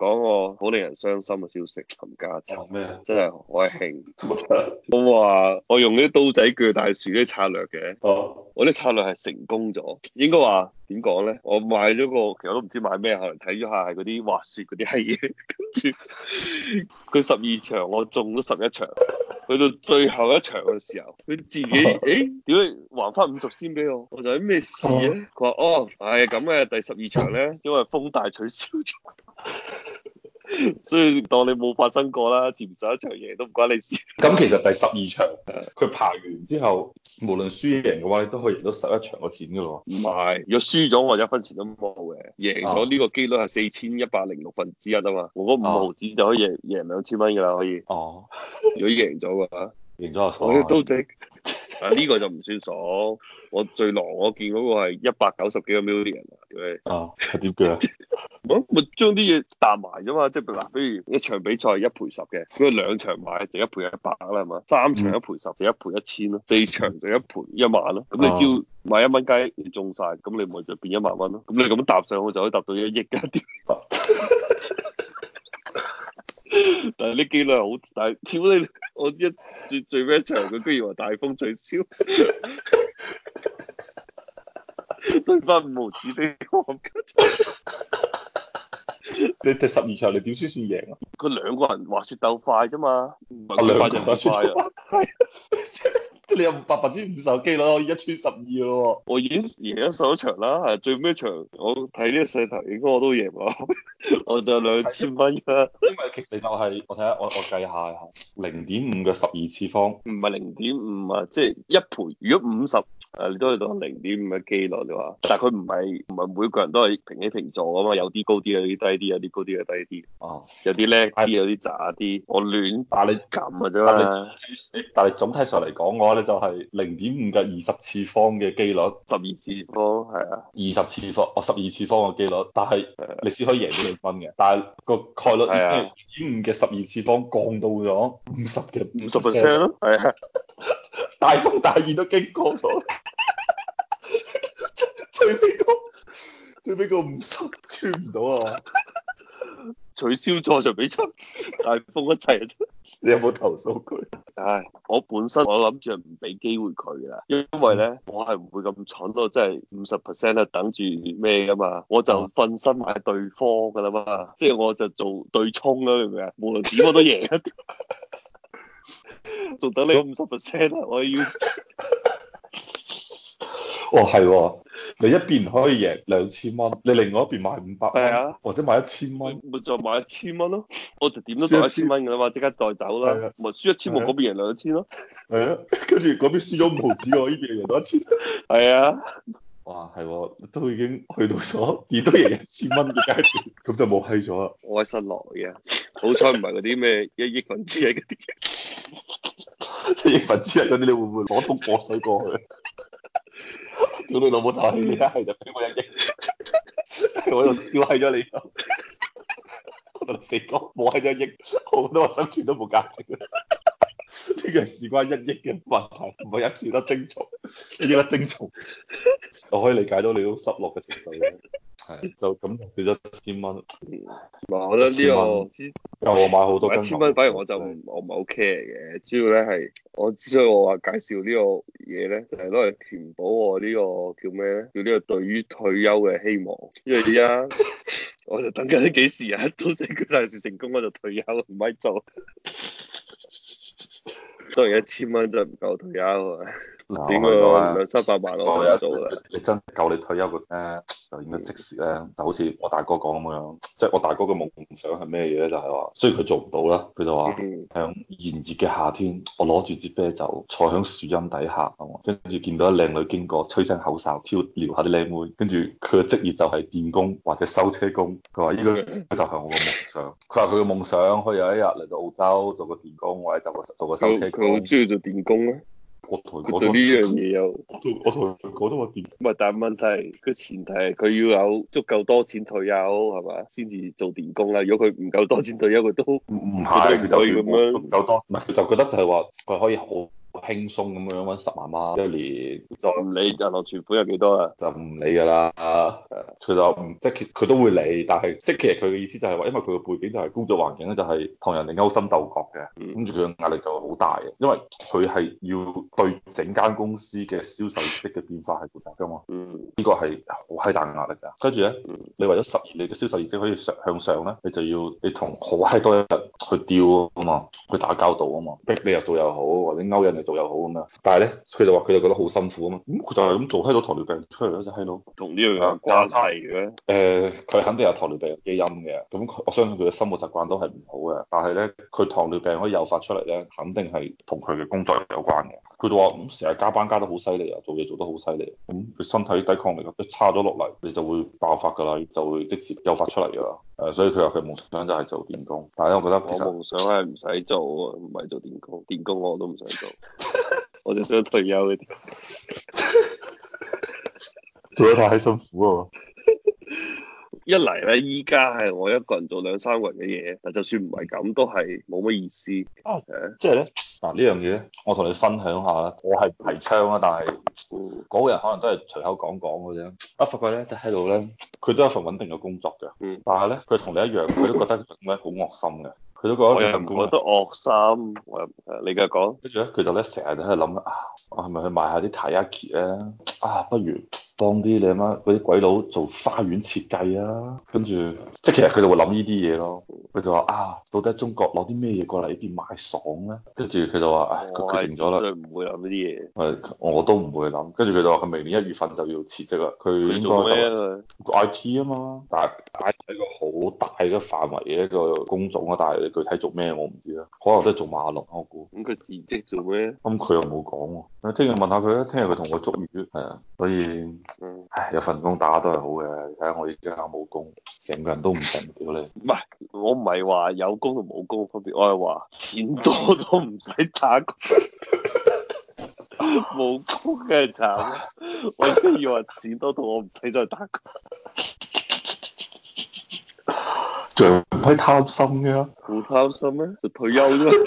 講個好令人傷心嘅消息，冚家鏟咩？真係我係慶， 我話我用啲刀仔鋸大樹啲策略嘅，啊、我啲策略係成功咗。應該話點講咧？我買咗個，其實我都唔知買咩，可能睇咗下係嗰啲滑雪嗰啲係嘢。跟住佢十二場，我中咗十一場。去 到最後一場嘅時候，佢自己誒，點、欸、解還翻五十先俾我？我做啲咩事咧？佢話、啊、哦，係咁嘅，第十二,十二場咧，因為風大取消咗。 所以當你冇發生過啦，前面十一場贏都唔關你事。咁其實第十二場，佢爬完之後，無論輸贏嘅話，你都可以贏到十一場嘅錢噶喎。唔係，如果輸咗我一分錢都冇嘅，贏咗呢個機率係四千一百零六分之一啊嘛。我嗰五毫子就可以贏兩千蚊噶啦，可以。哦、啊， 如果贏咗嘅話，贏咗 我都值。啊！呢 個就唔算爽，我最狼我見嗰個係一百九十幾個 million 啊！點嘅？我咪將啲嘢搭埋啫嘛，即係嗱、啊，比如一場比賽一賠十嘅，咁兩場買就一賠一百啦，係嘛？三場一賠十、嗯、就一賠一千咯，四場就一賠一萬咯，咁、啊啊嗯、你只要買一蚊雞中晒，咁你咪就變一萬蚊咯，咁你咁搭上，去就可以達到一億啲。啊啊啊但係呢機率好大，屌你！我一最最尾一場，佢居然話大風取消，退翻五毫紙俾我。你第十二場，你點先算贏啊？佢兩個人滑雪鬥快啫嘛，唔係兩百人滑雪。係即係你有百分之五十機率我以一穿十二咯。我已經贏咗十一場啦，係最尾一場我睇呢個勢頭，應該我都贏啦。我就兩千蚊啊，因為其實就係我睇下，我我計下零點五嘅十二次方，唔係零點五啊，即係一倍。如果五十誒，你都係到零點五嘅機率嘅話，但係佢唔係唔係每個人都係平起平坐啊嘛，有啲高啲，有啲低啲，有啲高啲啊低啲。哦，有啲叻啲，有啲渣啲。我亂，但你咁啊啫，但係總體上嚟講嘅話咧，就係零點五嘅二十次方嘅機率，十二次方係啊，二十次方哦，十二次方嘅機率，但係你先可以贏你分。 但係個概率已經五點五嘅十二次方降到咗五十嘅五十 percent 咯，係啊，啊 大風大雨都經過咗 ，最尾個最尾個五十穿唔到啊， 取消咗就俾出大風一齊啊， 你有冇投訴佢？唉，我本身我諗住唔俾機會佢噶，因為咧我係唔會咁蠢咯，即係五十 percent 都等住咩噶嘛，我就分身買對方噶啦嘛，即係我就做對沖啦，明唔明啊？無論點我都贏，仲 等你五十 percent，我要 哦係。你一邊可以贏兩千蚊，你另外一邊買五百蚊，啊、或者買一千蚊，咪再買一千蚊咯，我就點都 輸一千蚊㗎啦嘛，即刻再走啦，咪、啊、輸一千，我嗰、啊、邊贏兩千咯，係啊，跟住嗰邊輸咗五毫子， 我依邊贏多一千，係啊，哇，係，都已經去到咗亦都贏一千蚊嘅階段，咁 就冇閪咗啦，我新落嘅，好彩唔係嗰啲咩一億分之一，啊啲，一億分之。啊嗰啲，你會唔會攞桶過水過去？屌你老母就係你一係就俾我一億，我度燒起咗你，我同四哥冇係一億，好多我生存都冇價值。呢個事關一億嘅問題，唔係一時得精蟲，一粒精蟲，我可以理解到你都失落嘅情緒。係 就咁俾咗千蚊，唔係我都有啲我，我，、這個、元我買好多金。千蚊反而我就的我唔係 ok 嘅，主要咧係我之所以我話介紹呢、這個。嘢咧，就攞嚟填補我呢、呢個叫咩咧？叫呢叫個對於退休嘅希望。因為而家 我就等緊幾時啊！到時佢大市成功，我就退休唔咪做。 當然一千蚊真係唔夠退休啊！點 個兩三百萬我退休到嘅。 你真係夠你退休嘅啫。 就應該即時咧，就好似我大哥講咁樣，即係我大哥嘅夢想係咩嘢咧？就係話，雖然佢做唔到啦，佢就話喺炎熱嘅夏天，我攞住支啤酒坐喺樹蔭底下，跟住見到一靚女經過，吹聲口哨，撩下啲靚妹，跟住佢嘅職業就係電工或者修車工。佢話呢個就係我嘅夢想。佢話佢嘅夢想可以有一日嚟到澳洲做個電工或者做個做個修車工。佢好中意做電工啊！我同佢對呢樣嘢有，我同我同佢講都話掂，唔係但係問題，個前提係佢要有足夠多錢退休係嘛，先至做電工啦。如果佢唔夠多錢退休，佢都唔唔係，佢就可以咁樣唔夠多，唔係佢就覺得就係話佢可以好。輕鬆咁樣揾十萬蚊一年，唔理就你，就落存款有幾多啊？就唔理㗎啦，其實即係佢都會理，但係即係其實佢嘅意思就係、是、話，因為佢嘅背景就係、是、工作環境咧，就係同人哋勾心鬥角嘅，跟住佢壓力就好大嘅，因為佢係要對整間公司嘅銷售業績嘅變化係負責㗎嘛。嗯、個很很呢個係好閪大壓力嘅，跟住咧，你為咗十二你嘅銷售業績可以上向上咧，你就要你同好閪多日去調啊嘛，去打交道啊嘛，逼你又做又好，或者勾引人哋。又好咁樣，但係咧，佢就話佢就覺得好辛苦啊嘛，咁、嗯、佢就係咁做，搞到糖尿病出嚟咯，就搞到同呢樣關係嘅。誒、呃，佢肯定有糖尿病基因嘅，咁我相信佢嘅生活習慣都係唔好嘅。但係咧，佢糖尿病可以誘發出嚟咧，肯定係同佢嘅工作有關嘅。佢就話，咁成日加班加得好犀利啊，做嘢做得好犀利，咁佢身體抵抗力差咗落嚟，你就會爆發㗎啦，就會即時誘發出嚟㗎啦。誒，所以佢話佢夢想就係做電工，但係我覺得我夢想係唔使做，唔係做電工，電工我都唔想做，我就想退休。啲做得太辛苦啊！一嚟咧，依家係我一個人做兩三個人嘅嘢，但就算唔係咁，都係冇乜意思。誒、啊，即係咧。嗱、啊、呢樣嘢咧，我同你分享下啦。我係提倡啊，但係嗰個人可能都係隨口講講嘅啫。啊，發貴咧，就喺度咧，佢都有份穩定嘅工作嘅。嗯。但係咧，佢同你一樣，佢都覺得點咧好惡心嘅。佢都覺得你份工，我覺得惡心。你繼續講。跟住咧，佢就咧，成日喺度諗啊，我係咪去賣下啲 taiyaki 啊？啊，不如。幫啲你阿媽嗰啲鬼佬做花園設計啊，跟住即係其實佢就會諗呢啲嘢咯。佢就話啊，到底中國攞啲咩嘢過嚟呢邊賣爽咧？跟住佢就話，佢、哎、決定咗啦，唔會諗呢啲嘢。係，我都唔會諗。跟住佢就話佢明年一月份就要辭職啦。佢應該做咩咧？I T 啊嘛，但係係一個好大嘅範圍嘅一個工種啊，但係具體做咩我唔知啊。可能都係做碼農我估。咁佢辭職做咩？咁佢又冇講。我聽日問下佢啦，聽日佢同我捉魚，係啊，所以、嗯、唉有份工打都係好嘅。睇下我而家冇工，成個人都唔振屌你。唔係我唔係話有工同冇工嘅分別，我係話錢多都唔使打工，冇工嘅慘。我先以為錢多到我唔使再打工，仲唔係貪心嘅啊？唔貪心咩？就退休啫。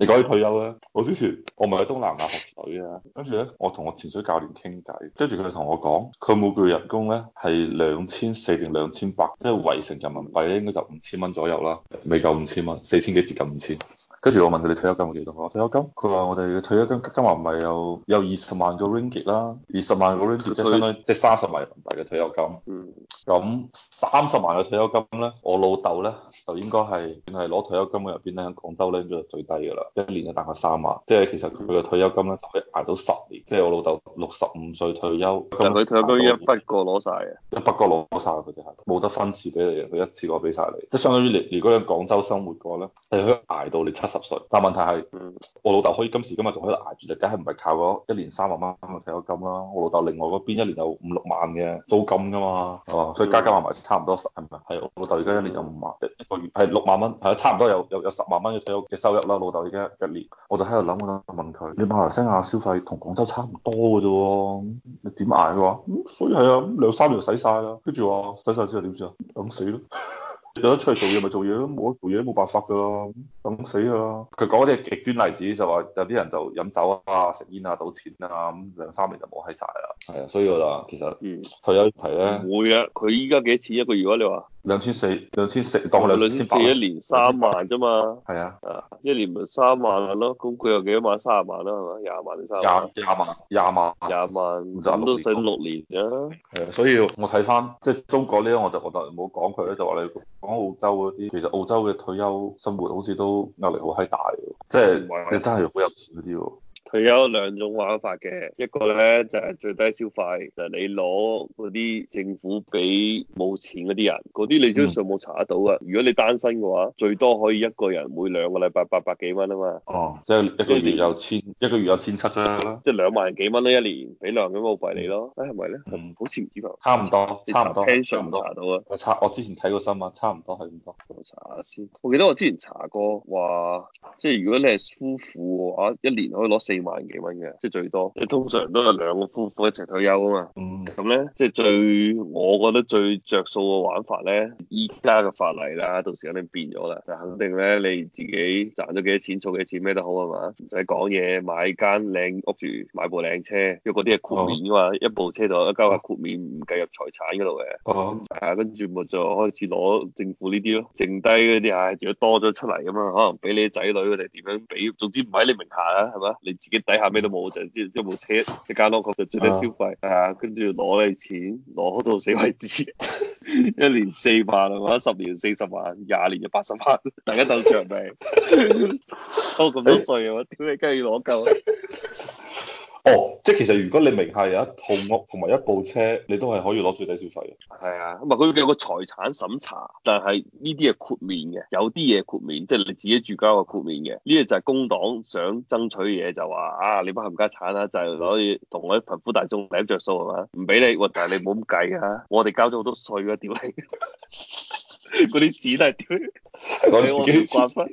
你講要退休咧，我之前我唔係喺東南亞水啊，跟住咧，我同我潛水教練傾偈，跟住佢同我講，佢每個月人工咧，係兩千四定兩千八，即係換成人民幣咧，應該就五千蚊左右啦，未夠五千蚊，四千幾接近五千。跟住我問佢哋退休金幾多？我退休金，佢話我哋嘅退休金今日唔係有有二十萬個 ringgit 啦，二十萬個 ringgit 即係相當即係三十萬人民幣嘅退休金。咁三十萬嘅退，退休金咧、嗯，我老豆咧就應該係係攞退休金嘅入邊咧，喺廣州咧應該係最低㗎啦。一年就大概三萬，即係其實佢嘅退休金咧可以捱到十年。即係我老豆六十五歲退休，其佢退休金一筆過攞晒，嘅，一筆過攞晒。佢哋係冇得分次俾你，佢一次過俾晒你，即係相當於你如果喺廣州生活嘅話咧，係可以捱到你七十歲，但問題係、嗯、我老豆可以今時今日仲可以捱住，就梗係唔係靠嗰一年三萬蚊嘅退休金啦？我老豆另外嗰邊一年有五六萬嘅租金㗎嘛，哦，所以加加埋埋差唔多十係咪？係我、嗯、老豆而家一年有五萬一一個一月，係六萬蚊，係差唔多有有有十萬蚊嘅收嘅收入啦。老豆而家一年，我就喺度諗，我問佢：你馬來西亞消費同廣州差唔多㗎啫，你點捱㗎？嗯、所以係啊，兩三年就使曬啦。跟住話使晒之後點算？等死咯！ 有得出去做嘢咪做嘢咯，冇得做嘢都冇辦法噶咯，等死啊！佢講嗰啲係極端例子，就話有啲人就飲酒啊、食煙啊、賭錢啊，咁兩三年就冇喺晒啦。係啊，所以我就話其實，嗯，退休係咧，會啊，佢依家幾多錢一個月啊？你話？兩千四，兩千四當佢兩千四一年三萬啫嘛，係啊，啊一年咪三萬咯，咁佢有幾多萬，三廿萬啦，係嘛，廿萬三廿？廿廿萬，廿萬，廿萬，咁都四六年嘅，係啊，所以我睇翻即係中國呢、這個，我就覺得唔好講佢咧，就話你講澳洲嗰啲，其實澳洲嘅退休生活好似都壓力好閪大，即係、啊啊、你真係好有錢嗰啲。佢有兩種玩法嘅，一個咧就係、是、最低消費，就係、是、你攞嗰啲政府俾冇錢嗰啲人，嗰啲、嗯、你通常冇查得到啊。如果你單身嘅話，最多可以一個人每兩個禮拜八百幾蚊啊嘛。哦，即、就、係、是、一個月有千，就是、一,一個月有千七啦，即係兩萬幾蚊都一年，俾兩萬幾蚊我費你咯。誒係咪咧？是是呢嗯、好似唔知道。差唔多，查差唔多，差唔多。查唔查到啊？我查，我之前睇過新聞，差唔多係咁多。我查下先。我記得我之前查過話，即係、就是、如果你係夫婦嘅話、啊，一年可以攞四。多萬幾蚊嘅，即係最多，即係通常都有兩個夫婦一齊退休啊嘛。咁咧、嗯，即係最我覺得最着數嘅玩法咧，依家嘅法例啦，到時肯定變咗啦。就肯定咧，你自己賺咗幾多錢，儲幾錢咩都好啊嘛，唔使講嘢，買間靚屋住，買部靚車，因為啲係豁免噶嘛，嗯、一部車就一交下豁免，唔計入財產嗰度嘅。哦、嗯，係啊、嗯，跟住咪就開始攞政府呢啲咯，剩低嗰啲唉，如果多咗出嚟咁嘛，可能俾你啲仔女佢哋點樣俾，總之唔喺你名下啊，係嘛，你嘅底下咩都冇，就只一部車，一間屋咁就最低消費，啊，跟住攞你錢，攞到死為止， 一年四萬啊，十年四十萬，廿年就八十萬，大家鬥長命，我 咁 多稅啊，屌你的，梗係要攞夠。 哦，oh, 即係其實如果你名下有一套屋同埋一部車，你都係可以攞最低消費嘅。係啊，咁啊佢有個財產審查，但係呢啲係豁免嘅，有啲嘢豁免，即係你自己住家嘅豁免嘅。呢啲就係工黨想爭取嘢，就話啊你班冚家產啊，你就係攞以同我啲貧苦大眾領着數係嘛？唔俾你，但係你唔好咁計啊！我哋交咗好多稅啊，屌你，嗰啲紙都係屌。你自己、哎、我關分，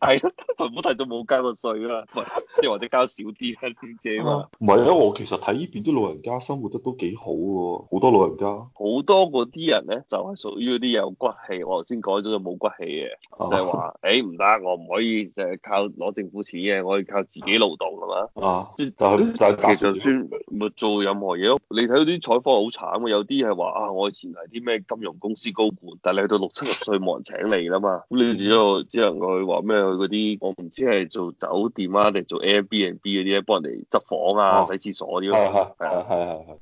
係 啊，政府睇到冇交個稅啦，唔即係或者交少啲啊啲嘢嘛。唔係，啊，我其實睇呢邊啲老人家生活得都幾好喎，好多老人家。好多嗰啲人咧就係、是、屬於嗰啲有骨氣，我頭先講咗就冇骨氣嘅、啊欸，就係話，誒唔得，我唔可以就係靠攞政府錢嘅，我要靠自己勞動啊嘛。啊，即就就其實算咪做任何嘢，你睇到啲採訪好慘嘅，有啲係話啊，我以前係啲咩金融公司高管，但係你去到六七十歲冇 人請你啦嘛。呢住只能後，佢話咩？去嗰啲我唔知係做酒店啊，定做 Airbnb 嗰啲咧，幫人哋執房啊、啊洗廁所嗰啲咯，係啊，係係係。